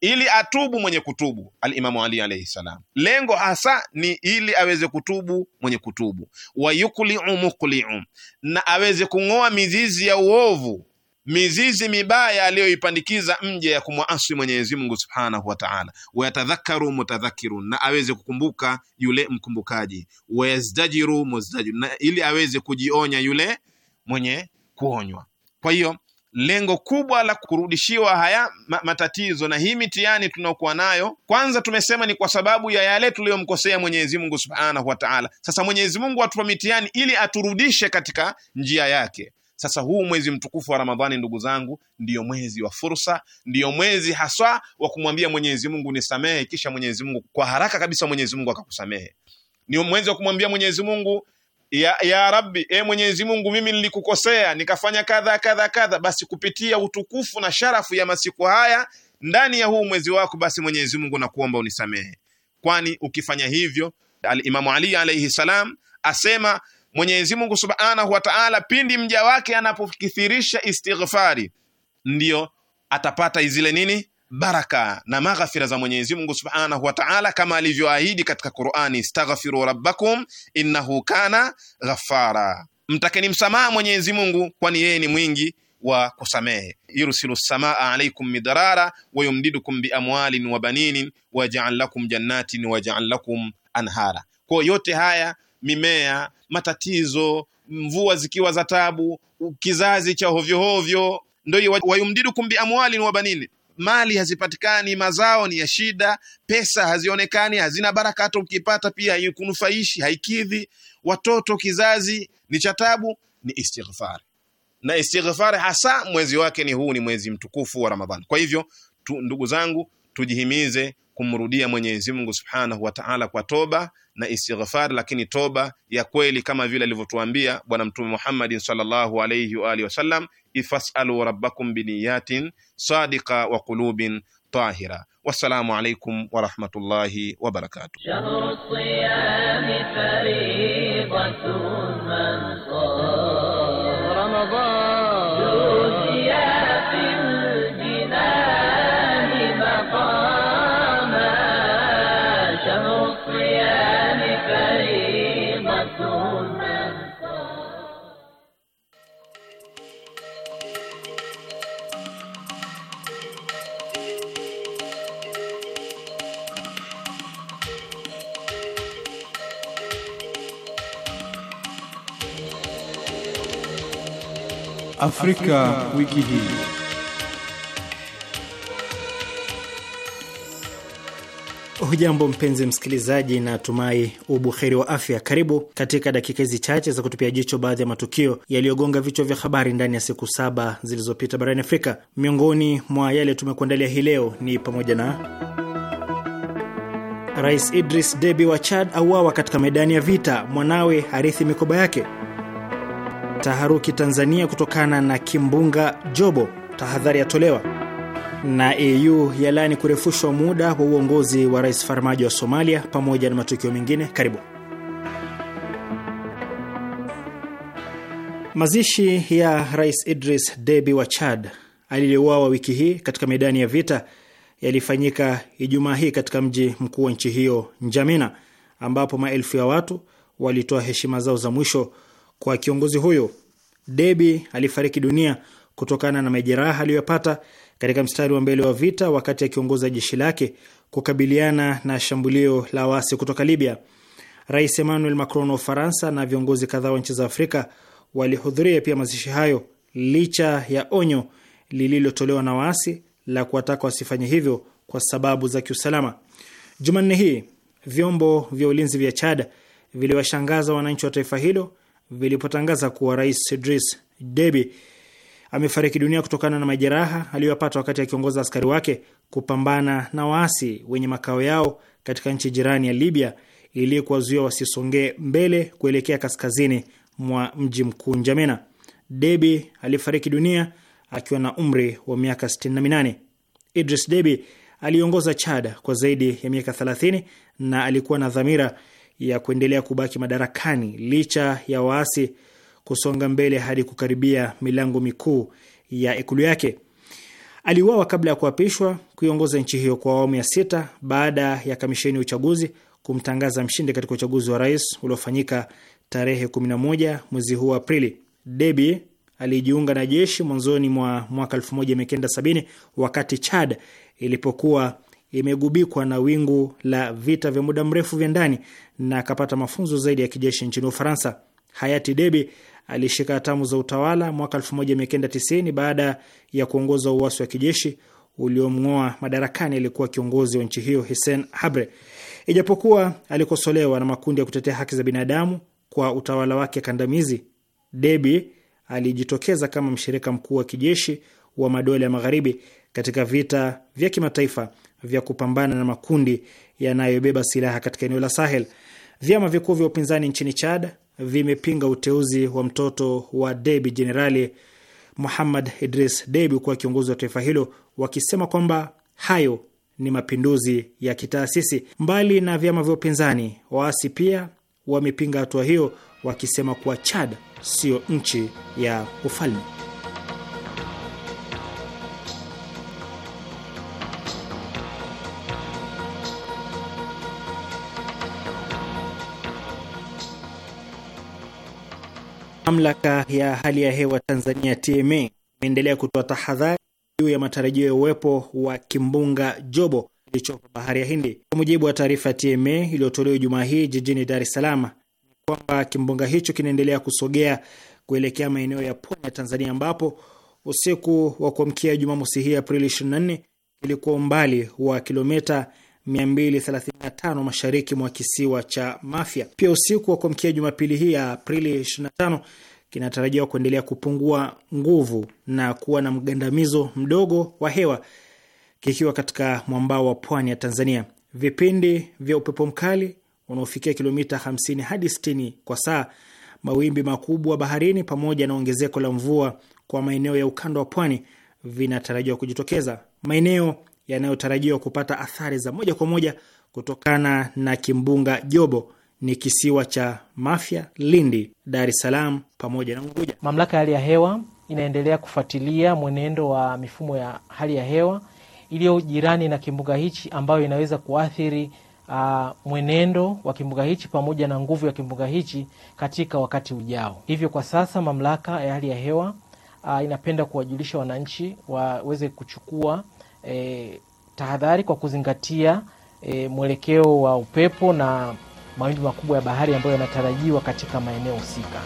ili atubu mwenye kutubu. Alimamu Ali alayhi salam, lengo hasa ni ili aweze kutubu mwenye kutubu, wa yukliu muqliu, na aweze kung'oa mizizi ya uovu mizizi mibaya aliyoipandikiza mje ya kumwasi Mwenyezi Mungu Subhanahu wa Ta'ala. Wayatadhakaru mutadhakkirun, na aweze kukumbuka yule mkumbukaji. Wayazdajiru muzdajiru, na ili aweze kujionya yule mwenye kuonywa. Kwa hiyo lengo kubwa la kurudishiwa haya matatizo na hii mitihani tunaokuwa nayo, kwanza tumesema ni kwa sababu ya yale tuliyomkosea Mwenyezi Mungu Subhanahu wa Ta'ala. Sasa Mwenyezi Mungu atupa mitihani ili aturudishe katika njia yake. Sasa huu mwezi mtukufu wa Ramadhani, ndugu zangu, ndiyo mwezi wa fursa, ndiyo mwezi haswa wa kumwambia Mwenyezi Mungu nisamehe, kisha Mwenyezi Mungu kwa haraka kabisa Mwenyezi Mungu akakusamehe. Ni mwezi wa kumwambia Mwenyezi Mungu ya, ya Rabbi, e Mwenyezi Mungu, mimi nilikukosea nikafanya kadha kadha kadha. Basi kupitia utukufu na sharafu ya masiku haya ndani ya huu mwezi wako, basi Mwenyezi Mungu nakuomba unisamehe, kwani ukifanya hivyo Alimamu Ali alaihi salam asema Mwenyezi Mungu Subhanahu wa Ta'ala, pindi mja wake anapokithirisha istighfari, ndiyo atapata zile nini baraka na maghfira za Mwenyezi Mungu Subhanahu wa Ta'ala, kama alivyoahidi katika Qur'ani, istaghfiru rabbakum innahu kana ghaffara, mtakeni msamaha Mwenyezi Mungu, kwani yeye ni mwingi wa kusamehe. yursilu samaa alaikum midarara bi amwalin wa wa ja'al lakum jannatin ja'al lakum anhara. Kwa yote haya mimea, matatizo, mvua zikiwa za tabu, kizazi cha hovyohovyo. Ndio hiyo kumbi amwali ni wabanini, mali hazipatikani, mazao ni ya shida, pesa hazionekani, hazina baraka. Hata ukipata pia haikunufaishi, haikidhi watoto, kizazi ni cha tabu. Ni istighfar na istighfar, hasa mwezi wake ni huu, ni mwezi mtukufu wa Ramadhani. Kwa hivyo tu, ndugu zangu, tujihimize kumrudia Mwenyezi Mungu Subhanahu wa Ta'ala kwa toba na istighfar, lakini toba ya kweli kama vile alivyotuambia Bwana Mtume Muhammadin sallallahu alayhi wa alihi wasallam, ifasalu rabbakum biniyatin sadiqa wa qulubin tahira. Wassalamu alaykum wa rahmatullahi wa barakatuh. Afrika, wiki hii. Hujambo mpenzi msikilizaji, na tumai ubuheri wa afya. Karibu katika dakika hizi chache za kutupia jicho baadhi ya matukio yaliyogonga vichwa vya habari ndani ya siku saba zilizopita barani Afrika. Miongoni mwa yale tumekuandalia hii leo ni pamoja na Rais Idris Deby wa Chad auawa katika medani ya vita, mwanawe harithi mikoba yake Taharuki Tanzania kutokana na kimbunga Jobo, tahadhari yatolewa. Na AU yalani kurefushwa muda wa uongozi wa Rais Farmajo wa Somalia, pamoja na matukio mengine. Karibu. Mazishi ya Rais Idris Deby wa Chad aliyeuawa wiki hii katika medani ya vita yalifanyika Ijumaa hii katika mji mkuu wa nchi hiyo Njamena, ambapo maelfu ya watu walitoa heshima zao za mwisho kwa kiongozi huyo. Deby alifariki dunia kutokana na majeraha aliyoyapata katika mstari wa mbele wa vita wakati akiongoza jeshi lake kukabiliana na shambulio la wasi kutoka Libya. Rais Emmanuel Macron wa Ufaransa na viongozi kadhaa wa nchi za Afrika walihudhuria pia mazishi hayo licha ya onyo lililotolewa na waasi la kuwataka wasifanye hivyo kwa sababu za kiusalama. Jumanne hii vyombo vya ulinzi vya Chad viliwashangaza wananchi wa taifa hilo vilipotangaza kuwa Rais Idris Deby amefariki dunia kutokana na majeraha aliyopata wakati akiongoza askari wake kupambana na waasi wenye makao yao katika nchi jirani ya Libya ili kuwazuia wasisongee mbele kuelekea kaskazini mwa mji mkuu Njamena. Deby alifariki dunia akiwa na umri wa miaka 68. Idris Deby aliongoza Chad kwa zaidi ya miaka 30 na alikuwa na dhamira ya kuendelea kubaki madarakani licha ya waasi kusonga mbele hadi kukaribia milango mikuu ya ikulu yake. Aliuawa kabla ya kuapishwa kuiongoza nchi hiyo kwa awamu ya sita baada ya kamisheni ya uchaguzi kumtangaza mshindi katika uchaguzi wa rais uliofanyika tarehe 11 mwezi huu wa Aprili. Debi alijiunga na jeshi mwanzoni mwa mwaka 1970 wakati Chad ilipokuwa imegubikwa na wingu la vita vya muda mrefu vya ndani na akapata mafunzo zaidi ya kijeshi nchini Ufaransa. Hayati Debi alishika hatamu za utawala mwaka 1990 baada ya kuongoza uasi wa kijeshi uliomng'oa madarakani aliyekuwa kiongozi wa nchi hiyo Hisen Habre. Ijapokuwa alikosolewa na makundi ya kutetea haki za binadamu kwa utawala wake kandamizi, Debi alijitokeza kama mshirika mkuu wa kijeshi wa madola ya magharibi katika vita vya kimataifa vya kupambana na makundi yanayobeba silaha katika eneo la Sahel. Vyama vikuu vya upinzani nchini Chad vimepinga uteuzi wa mtoto wa Debi, Jenerali Muhammad Idris Debi, kuwa kiongozi wa taifa hilo, wakisema kwamba hayo ni mapinduzi ya kitaasisi. Mbali na vyama vya upinzani, waasi pia wamepinga hatua hiyo, wakisema kuwa Chad siyo nchi ya ufalme. Mamlaka ya hali ya hewa Tanzania TMA imeendelea kutoa tahadhari juu ya matarajio ya uwepo wa kimbunga Jobo kilichopo bahari ya Hindi. Kwa mujibu wa taarifa ya TMA iliyotolewa Jumaa hii jijini Dar es Salaam, ni kwamba kimbunga hicho kinaendelea kusogea kuelekea maeneo ya pwani ya Tanzania, ambapo usiku wa kuamkia Jumamosi hii Aprili 24 kilikuwa umbali wa kilomita 235 mashariki mwa kisiwa cha Mafia. Pia usiku wa kuamkia Jumapili hii ya Aprili 25 kinatarajiwa kuendelea kupungua nguvu na kuwa na mgandamizo mdogo wa hewa kikiwa katika mwambao wa pwani ya Tanzania. Vipindi vya upepo mkali unaofikia kilomita 50 hadi 60 kwa saa, mawimbi makubwa baharini, pamoja na ongezeko la mvua kwa maeneo ya ukanda wa pwani vinatarajiwa kujitokeza. Maeneo yanayotarajiwa kupata athari za moja kwa moja kutokana na kimbunga Jobo ni kisiwa cha Mafia, Lindi, Dar es Salaam pamoja na Unguja. Mamlaka ya hali ya hewa inaendelea kufuatilia mwenendo wa mifumo ya hali ya hewa iliyo jirani na kimbunga hichi ambayo inaweza kuathiri uh, mwenendo wa kimbunga hichi pamoja na nguvu ya kimbunga hichi katika wakati ujao. Hivyo kwa sasa mamlaka ya hali ya hewa uh, inapenda kuwajulisha wananchi waweze kuchukua e, tahadhari kwa kuzingatia e, mwelekeo wa upepo na mawimbi makubwa ya bahari ambayo yanatarajiwa katika maeneo husika.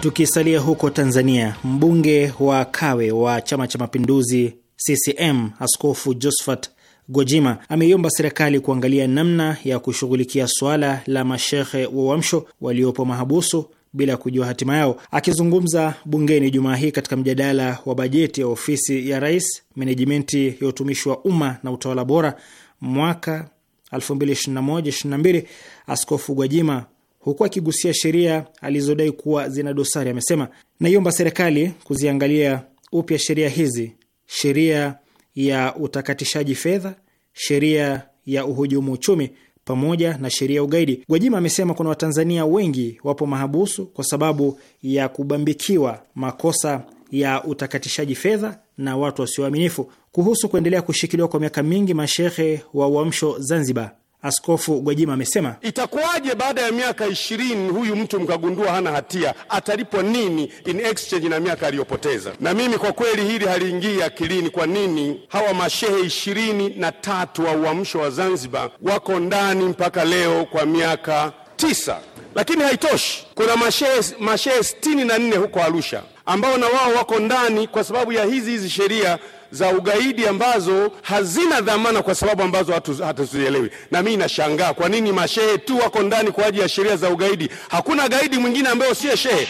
Tukisalia huko Tanzania, mbunge wa Kawe wa Chama cha Mapinduzi CCM Askofu Josephat Gojima ameiomba serikali kuangalia namna ya kushughulikia swala la mashehe wa Uamsho waliopo mahabusu bila kujua hatima yao. Akizungumza bungeni Jumaa hii katika mjadala wa bajeti ya ofisi ya rais, menejimenti ya utumishi wa umma na utawala bora mwaka 2021/22 Askofu Gwajima huku akigusia sheria alizodai kuwa zina dosari, amesema naiomba serikali kuziangalia upya sheria hizi, sheria ya utakatishaji fedha, sheria ya uhujumu uchumi pamoja na sheria ya ugaidi. Gwajima amesema kuna Watanzania wengi wapo mahabusu kwa sababu ya kubambikiwa makosa ya utakatishaji fedha na watu wasioaminifu. Kuhusu kuendelea kushikiliwa kwa miaka mingi mashehe wa Uamsho Zanzibar Askofu Gwajima amesema itakuwaje baada ya miaka ishirini huyu mtu mkagundua hana hatia, atalipwa nini in exchange na miaka aliyopoteza? Na mimi kwa kweli hili haliingii akilini. Kwa nini hawa mashehe ishirini na tatu wa uamsho wa Zanzibar wako ndani mpaka leo kwa miaka tisa? Lakini haitoshi, kuna mashehe mashehe sitini na nne huko Arusha ambao na wao wako ndani kwa sababu ya hizi hizi sheria za ugaidi ambazo hazina dhamana kwa sababu ambazo hatuzielewi. Na mimi nashangaa kwa nini mashehe tu wako ndani kwa ajili ya sheria za ugaidi. Hakuna gaidi mwingine ambayo sio shehe.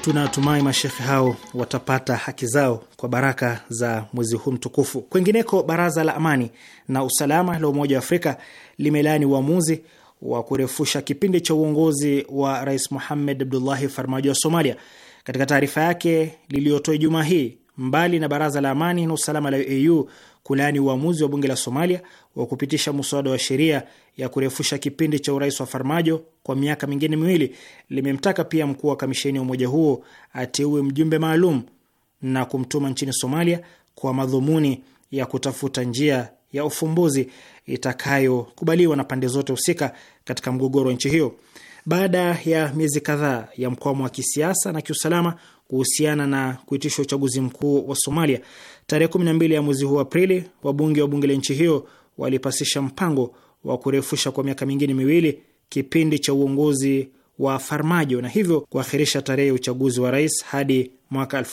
Tunatumai mashehe hao watapata haki zao kwa baraka za mwezi huu mtukufu. Kwengineko, baraza la amani na usalama la Umoja wa Afrika limelaani uamuzi wa kurefusha kipindi cha uongozi wa Rais Mohamed Abdullahi Farmajo wa Somalia. Katika taarifa yake liliyotoa Ijumaa hii, mbali na baraza la amani na usalama la AU kulaani uamuzi wa bunge la Somalia wa kupitisha mswada wa sheria ya kurefusha kipindi cha urais wa Farmajo kwa miaka mingine miwili, limemtaka pia mkuu wa kamisheni ya umoja huo ateue mjumbe maalum na kumtuma nchini Somalia kwa madhumuni ya kutafuta njia ya ufumbuzi itakayokubaliwa na pande zote husika katika mgogoro wa nchi hiyo baada ya miezi kadhaa ya mkwamo wa kisiasa na kiusalama kuhusiana na kuitishwa uchaguzi mkuu wa Somalia. Tarehe mbili ya mwezi huu Aprili, wabunge wa bunge la nchi hiyo walipasisha mpango wa kurefusha kwa miaka mingine miwili kipindi cha uongozi wa Farmajo na hivyo kuakhirisha tarehe ya uchaguzi wa rais hadi mwaka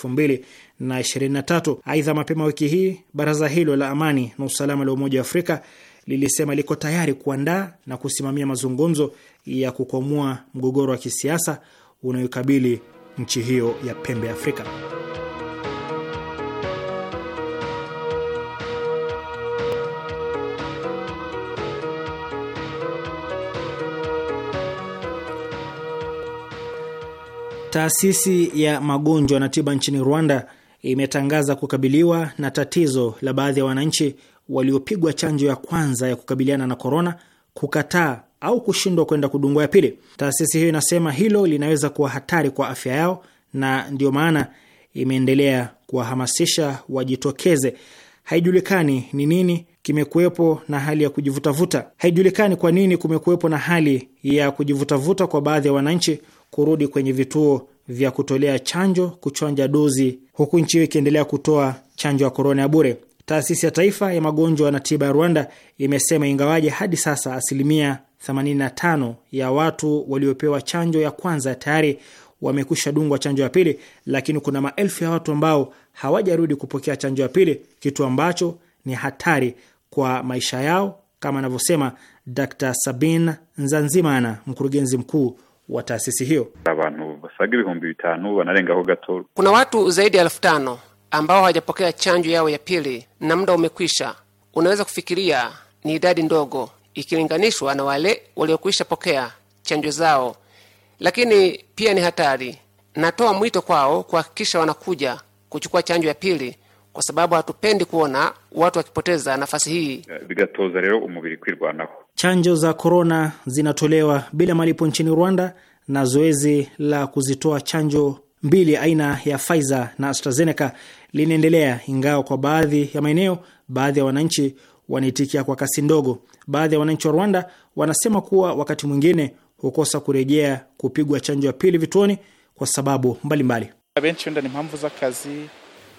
tatu. Aidha, mapema wiki hii baraza hilo la amani na usalama la Umoja wa Afrika lilisema liko tayari kuandaa na kusimamia mazungumzo ya kukwamua mgogoro wa kisiasa unayokabili nchi hiyo ya pembe Afrika. Taasisi ya magonjwa na tiba nchini Rwanda imetangaza kukabiliwa na tatizo la baadhi ya wananchi waliopigwa chanjo ya kwanza ya kukabiliana na korona kukataa au kushindwa kwenda kudungwa ya pili. Taasisi hiyo inasema hilo linaweza kuwa hatari kwa afya yao, na ndiyo maana imeendelea kuwahamasisha wajitokeze. Haijulikani ni nini kimekuwepo na hali ya kujivutavuta. Haijulikani kwa nini kumekuwepo na hali ya kujivutavuta kwa baadhi ya wananchi kurudi kwenye vituo vya kutolea chanjo kuchanja dozi, huku nchi hiyo ikiendelea kutoa chanjo ya korona ya bure. Taasisi ya Taifa ya Magonjwa na Tiba ya Rwanda imesema ingawaje hadi sasa asilimia 85 ya watu waliopewa chanjo ya kwanza tayari wamekwisha dungwa chanjo ya pili, lakini kuna maelfu ya watu ambao hawajarudi kupokea chanjo ya pili, kitu ambacho ni hatari kwa maisha yao, kama anavyosema Dr. Sabin Nzanzimana, mkurugenzi mkuu wa taasisi hiyo. Kuna watu zaidi ya elfu tano ambao hawajapokea chanjo yao ya pili na muda umekwisha. Unaweza kufikiria ni idadi ndogo ikilinganishwa na wale waliokwisha pokea chanjo zao, lakini pia ni hatari. Natoa mwito kwao kuhakikisha wanakuja kuchukua chanjo ya pili, kwa sababu hatupendi kuona watu wakipoteza nafasi hii. bigatoza rero umubiri kwirwanaho. Chanjo za korona zinatolewa bila malipo nchini Rwanda, na zoezi la kuzitoa chanjo mbili aina ya Pfizer na AstraZeneca linaendelea, ingawa kwa baadhi ya maeneo, baadhi ya wananchi wanaitikia kwa kasi ndogo baadhi ya wananchi wa Rwanda wanasema kuwa wakati mwingine hukosa kurejea kupigwa chanjo ya pili vituoni kwa sababu mbalimbali.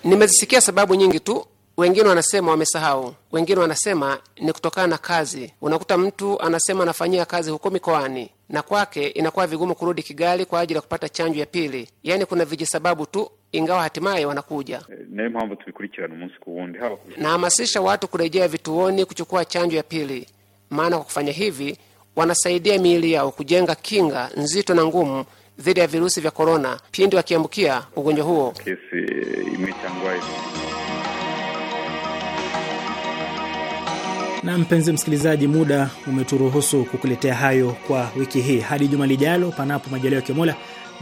Nimezisikia sababu nyingi tu. Wengine wanasema wamesahau, wengine wanasema ni kutokana na kazi. Unakuta mtu anasema anafanyia kazi huko mikoani na kwake inakuwa vigumu kurudi Kigali kwa ajili ya kupata chanjo ya pili. Yaani kuna vijisababu tu, ingawa hatimaye wanakuja. Eh, Nahamasisha watu kurejea vituoni kuchukua chanjo ya pili maana kwa kufanya hivi wanasaidia miili yao kujenga kinga nzito na ngumu dhidi ya virusi vya korona pindi wakiambukia ugonjwa huo. Kesi imechangwa Na mpenzi msikilizaji, muda umeturuhusu kukuletea hayo kwa wiki hii. Hadi juma lijalo, panapo majaliwa ya Mola.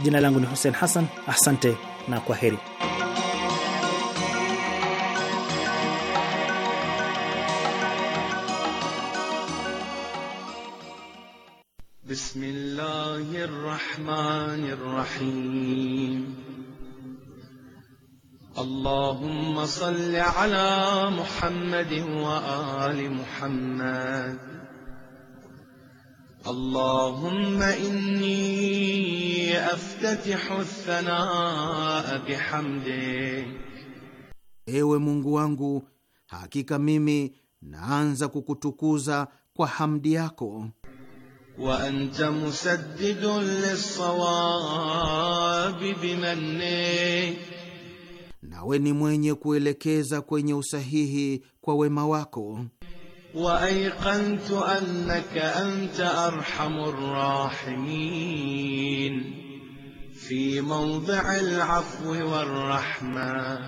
Jina langu ni Hussein Hassan, asante na kwa heri. بسم الله الرحمن الرحيم اللهم صل على محمد وآل محمد اللهم إني أفتتح الثناء بحمدك Ewe Mungu wangu, hakika mimi naanza kukutukuza kwa hamdi yako. وأنت مسدد للصواب بمنك nawe ni mwenye kuelekeza kwenye usahihi kwa wema wako. wa waaiqantu annaka anta arhamu rrahimin fi mawdii alafwi warrahma,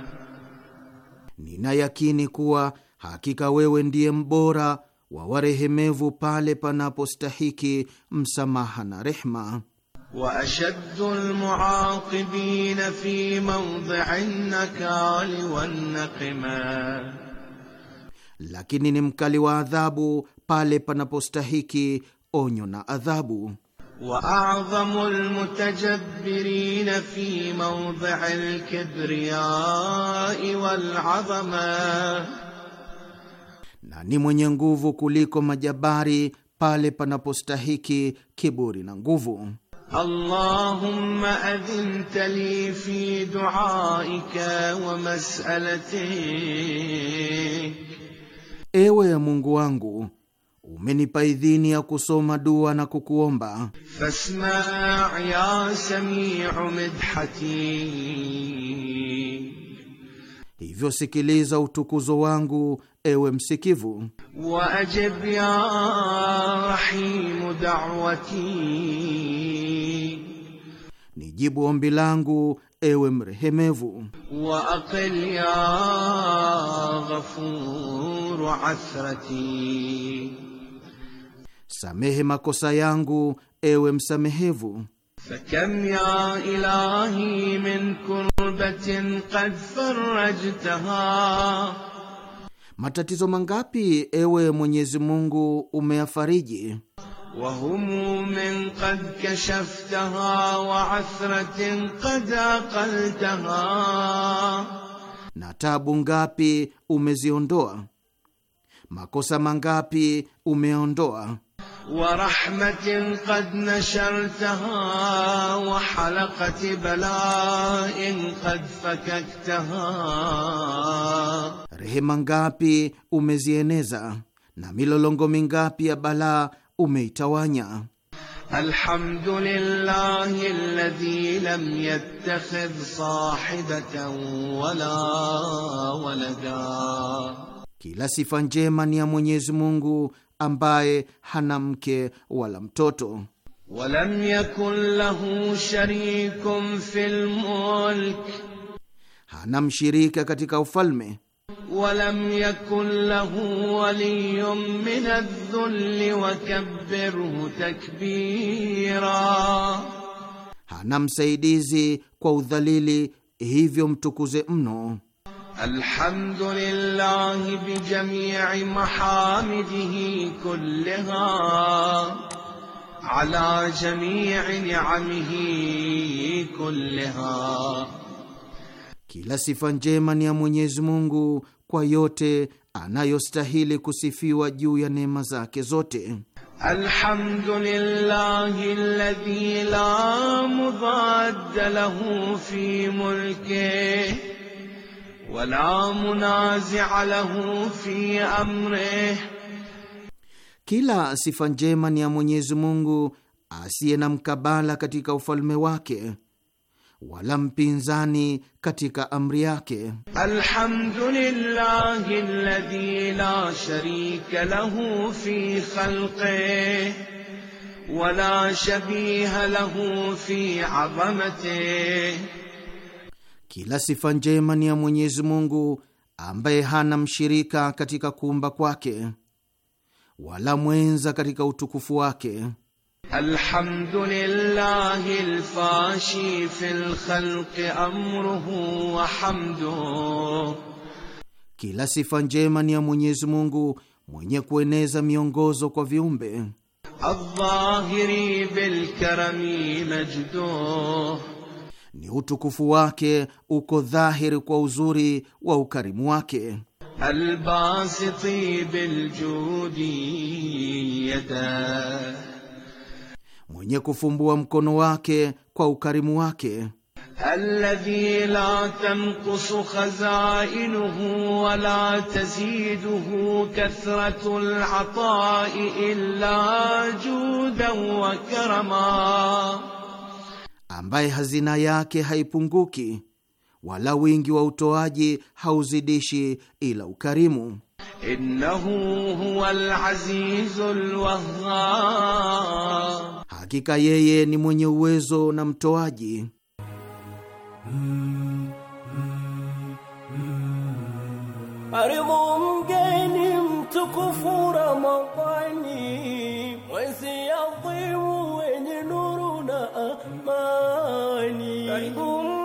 nina yakini kuwa hakika wewe ndiye mbora wa warehemevu pale panapostahiki msamaha na rehma. وأشد المعاقبين في موضع النكال والنقما, lakini ni mkali wa adhabu pale panapostahiki onyo na adhabu. وأعظم المتجبرين في موضع الكبرياء والعظمة na ni mwenye nguvu kuliko majabari pale panapostahiki kiburi na nguvu. Allahumma adhinta li fi duaika wa ewe ya Mungu wangu umenipa idhini ya kusoma dua na kukuomba. Fasma ya samiu midhati, hivyo sikiliza utukuzo wangu ewe msikivu. Waajib ya rahimu da'wati, nijibu ombi langu ewe mrehemevu. Wa aqil ya ghafuru athrati, samehe makosa yangu ewe msamehevu. Fakam ya ilahi min kurbatin qad farajtaha Matatizo mangapi ewe Mwenyezi Mungu umeyafariji. wahum min qad kashaftaha wa athratin qad aqaltaha, na tabu ngapi umeziondoa, makosa mangapi umeondoa ورحمة قد نشرتها وحلقة بلاء قد فككتها Rehema ngapi umezieneza na milolongo mingapi ya balaa umeitawanya. Alhamdulillahi alladhi lam yattakhidh sahibatan wala walada, kila sifa njema ni ya Mwenyezi Mungu ambaye hana mke wala mtoto. walam yakun lahu sharikun fil mulk, hana mshirika katika ufalme. walam yakun lahu min adh-dhulli takbira, hana msaidizi kwa udhalili, hivyo mtukuze mno. الحمد لله بجميع محامده كلها على جميع نعمه كلها كلا sifa njema يا ya Mwenyezi Mungu kwa yote anayostahili kusifiwa juu ya neema zake zote. Alhamdulillahi alladhi la mudadda lahu fi mulkihi ولا منازع له في امره كلا صفه njema يا منيز مungu asiye na mkabala katika ufalme wake wala mpinzani katika amri yake. Alhamdulillahi alladhi la sharika lahu fi khalqi wala shabiha lahu fi azamati kila sifa njema ni ya Mwenyezi Mungu ambaye hana mshirika katika kuumba kwake wala mwenza katika utukufu wake. fil khalqi amruhu wa kila sifa njema ni ya Mwenyezi Mungu mwenye kueneza miongozo kwa viumbe. majduh ni utukufu wake uko dhahiri kwa uzuri wa ukarimu wake. mwenye kufumbua mkono wake kwa ukarimu wake. Alladhi la tanqusu khazainuhu wa la taziduhu kathratul illa judan wa karama ambaye hazina yake haipunguki wala wingi wa utoaji hauzidishi ila ukarimu. Innahu huwal azizul wahhab, hakika yeye ni mwenye uwezo na mtoaji. Karibu mgeni mtukufu Ramadhani, mwezi adhimu أماني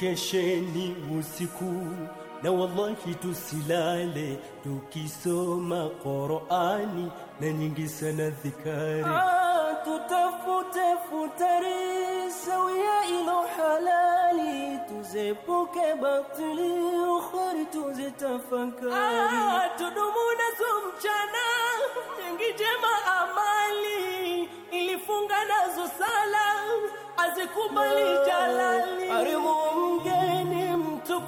kesheni usiku na wallahi tusilale, tukisoma Qur'ani na nyingi sana dhikari. Ah, tutafute futari sawia ilo halali, tuzepuke batili ukhari, tuzitafakari. Ah, tudumu na mchana, nyingi jema amali, ilifunga nazo sala, azikubali jalali. Arimu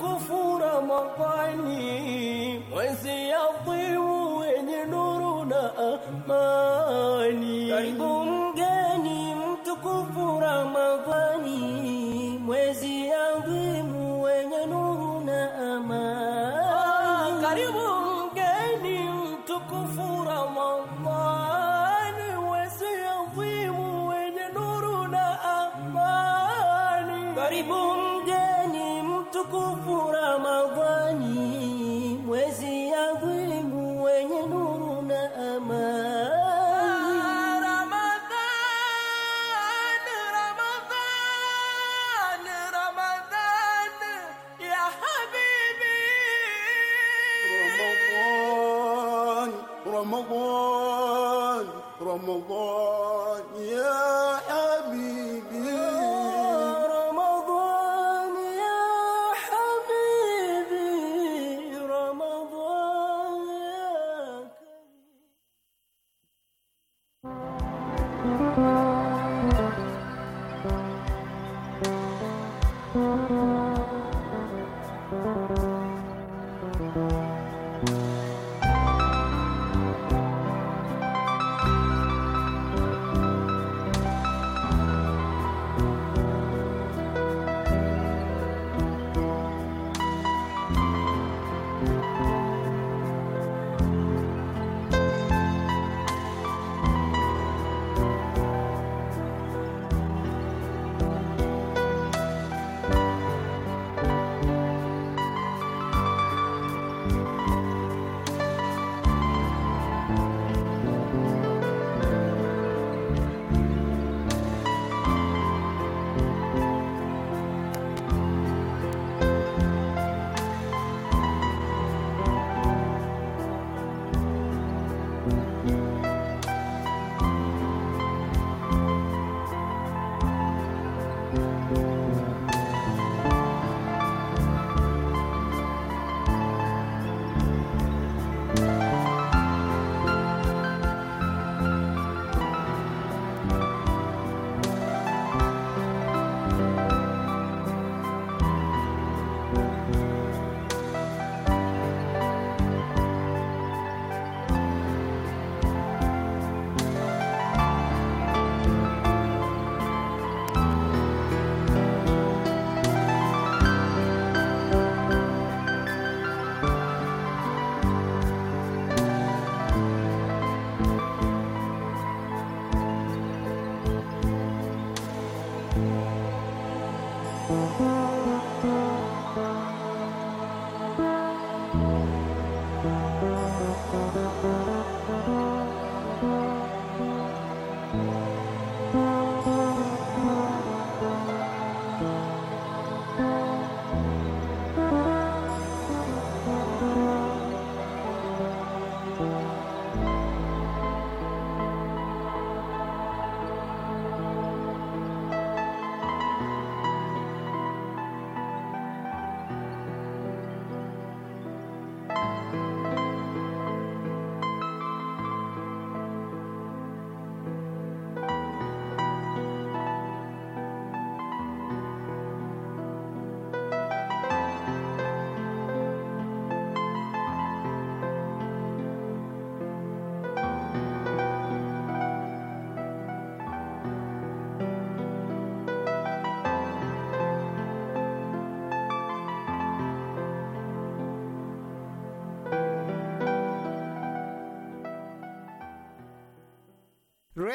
mtukufu Ramadhani, mwezi adhimu wenye nuru na amani. Karibu mgeni mtukufu Ramadhani, mwezi adhimu wenye nuru na amani. Ah, karibu mgeni mtukufu Ramadhani, mwezi adhimu wenye nuru na amani. Karibu 辜负。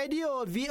Radio